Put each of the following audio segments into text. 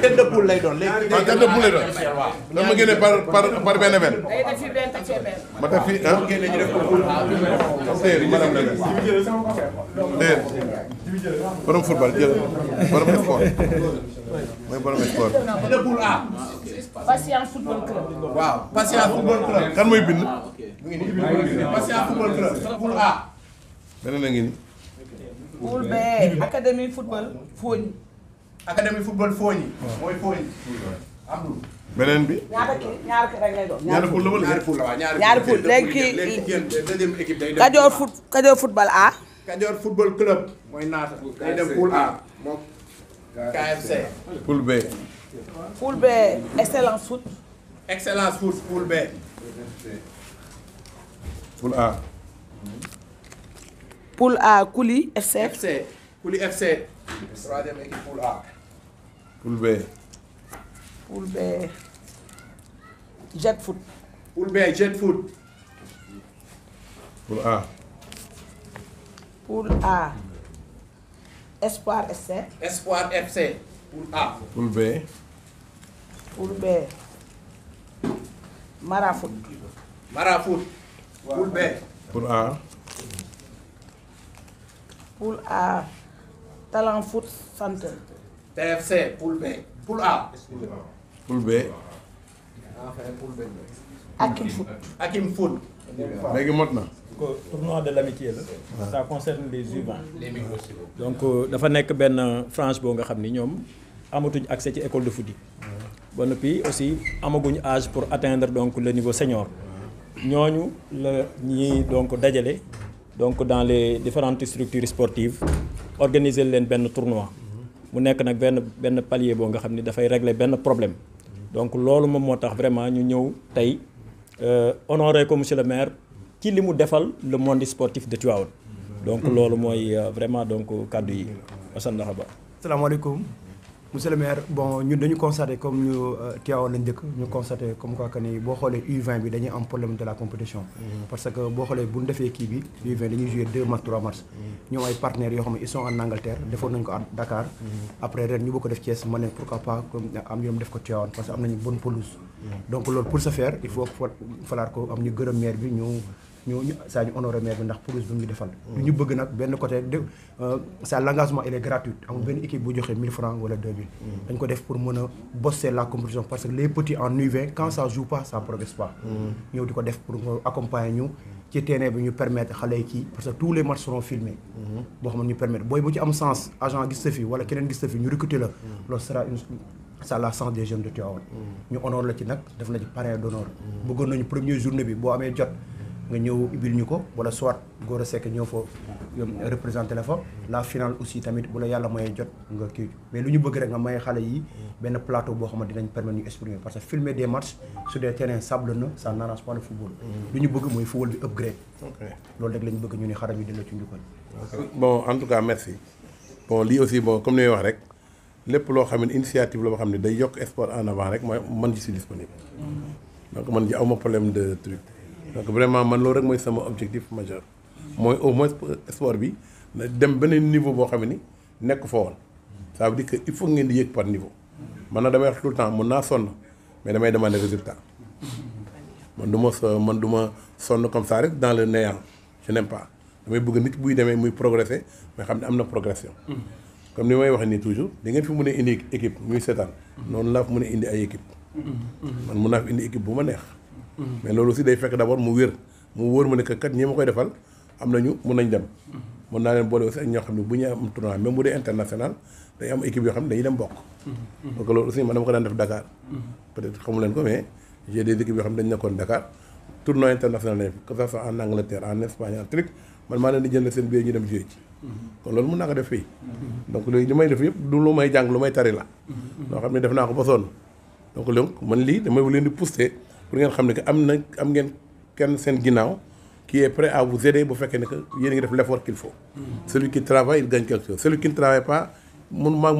tête de poule lay doon léegi. waaw ah, tête de poule lay doon. lan ma génne par par par benn benn. ma def fii ah. déedéet madame la déedéet. borom football jël borom sport mooy borom sport. tête de poule A. Patience football club. waaw Patience football club. kan mooy bind. Patience football club. poule A. beneen la ngi nii. poule B académie football Fogny. académie football fooñi. mooy beneen bi. ñaata ñaar kii rek lay doon. ñaari poule la wala la waaw ñaari foot Kajoor football A. Kajoor football club. mooy naat day dem poule A moom. KFC. poule B. poule B excellence foot. excellence foot poule B. poule A. poule A Kuli FC. FC Kuli FC. troisième équipe poule B. poule B jet foot. poule B jet foot. poule A. poule A Espoir FC. Espoir FC pour A. poule B. poule B Marafoot. Marafoot poule B. A. poule A Talent Foot Center. TFC poule B poule A. poule B. Akim Foot. Akim Foot. léegi mot Le euh, tournoi de l'amitié ça concerne les u donc euh, dafa nekk benn frange boo nga xam ni amatuñ accès ci école de foot Bon puis, noppi aussi amaguñ âge pour atteindre donc le niveau senior. ñooñu le ñuy donc dajale donc dans les différentes structures sportives organiser leen tournoi mu nekk nag benn benn palier boo nga xam ni dafay régler benn problème donc loolu moom moo tax vraiment ñu ñëw tey euh, honoré ko monsieur le maire ci li mu defal le monde sportif de Tivaouane donc loolu mooy euh, vraiment donc kàddu yi asandaxa ba salaamaaleykum monsieur le maire bon devons comme nous euh, constaté comme que U20 un problème de la compétition. Mm-hmm. parce que u 2 mars 3 mars. partenaires sont en Angleterre Dakar. Mm-hmm. après nous avons nous pièces, pourquoi pas comme parce que bonne pelouse. Mm-hmm. donc pour ce faire il faut falloir ko am ñu ñu ñu saa ñu honoré maire bi ndax police bu ñu defal lu ñu bëgg nag benn côté de euh, ça l'engagement il est gratuit amul benn équipe bu joxe 1000 francs wala 2000 dañ ko def pour mën bosser la compétition parce que les petits en U20 quand ça joue pas ça progresse pas mm. ñëw di ko def pour accompagner ñu ci terrain bi ñu permettre xale yi parce que tous les matchs seront filmés mm-hmm. boo xam ñu permettre boy bu ci am sens agent gis sa fi wala keneen gis ñu recruter la mm. loolu sera une ça la sens des jeunes de Tivaouane mm. ñu honor la ci nag def la ci parrain d'honneur bëggoon nañu première journée bi boo amee jot nga ñëw ibil ñu ko wala soit Gora Seck ñëw fa représenté la fa la finale aussi tamit bu la yàlla mayee jot nga kii mais lu ñu bëgg rek nga maye xale yi benn plateau boo xamante dinañ permettre ñu exprimer parce que filmer des matchs sur des terrains sablonneux ça n'arrange pas le football lu ñu bëgg mooy football bi upgrade loolu rek la bëgg ñu ni xaram yi delloo ci njukkal bon en tout cas merci bon lii aussi bon comme ni wax rek lépp loo xam ne initiative la boo xam ne day yokk sport en avant rek mooy man ji suis disponible mm. donc man ji aw ma problème de truc donc vraiment man objectif majeur au moins sport bi na niveau boo ça veut dire que faut di par niveau man nag tout le temps mais demander résultat man du comme ça dans le néant je n'aime pas damay bëgg nit buy demee progresser mais xam ne progression. comme ni may toujours di fi mun équipe muy seetaan. noonu équipe man équipe mais loolu aussi day fekk d' mu wér mu wóor ma ne que kat ñi ma koy defal am nañu mun nañ dem. mën naa leen boole aussi ak ñoo xam ne bu ñu am tournoi man maa leen di jënd seen billet ñu dem jouer ci. kon loolu mun naa ko def fii. donc léegi li may def yëpp du lu may jàng lu may tari la. loo xam ne def naa ko ba sonn donc donc man lii damay leen di pousser. pour ngeen xam qui est prêt à vous aider pour faire ne qu'il faut. Mm. celui qui travaille il gagne quelque chose celui qui ne travaille pas mun maa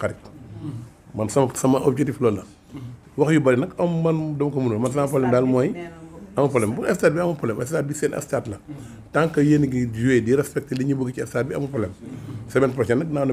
xarit. Mm. man sama objectif loolu la. Mm. wax yu am man dama ko mënul problème problème problème tant que yéen ngi joué di respecter li bëgg ci bi problème semaine prochaine nous naa ne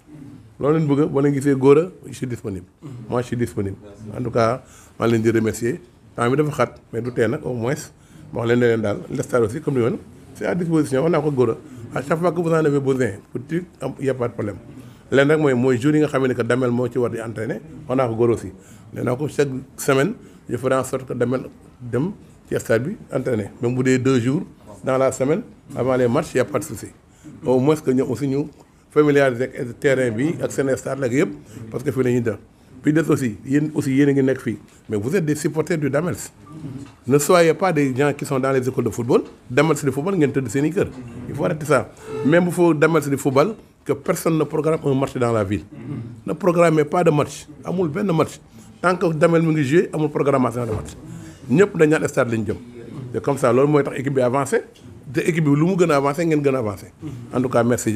loolu leen bëgg boo leen gisee góor a disponible. moi je disponible. en tout cas maa leen di remercier temps bi dafa xat mais du tee nag au moins wax leen ne leen daal l'Estar aussi comme ni woon c'est wax naa ko góor a à chaque fois que leen rek mooy mooy jour yi nga xam ne que Damel moo ci war di entraîner wax naa ko góor aussi nee naa ko chaque semaine je ferai en sorte que Damel dem ci stade bi entraîner même bu dee deux jours dans la semaine avant les matchs y a pas moins que ñoom aussi ñu. avec le terrain avec ak seen stade parce que fii la ñuy puis des aussi aussi ngi mais vous êtes des supporters du Damels ne soyez pas des gens qui sont dans les écoles de football Damels de football vous êtes des i il faut arrêter ça même pour foo Damels de football que personne ne programme un match dans la ville ne programmez pas de match pas benn match tant que Damels joue, ngi joué amul programmation de match ñëpp dañ le stade un jëm C'est comme ça loolu est tax équipe bi avancé te équipe bi lu mu en tout cas merci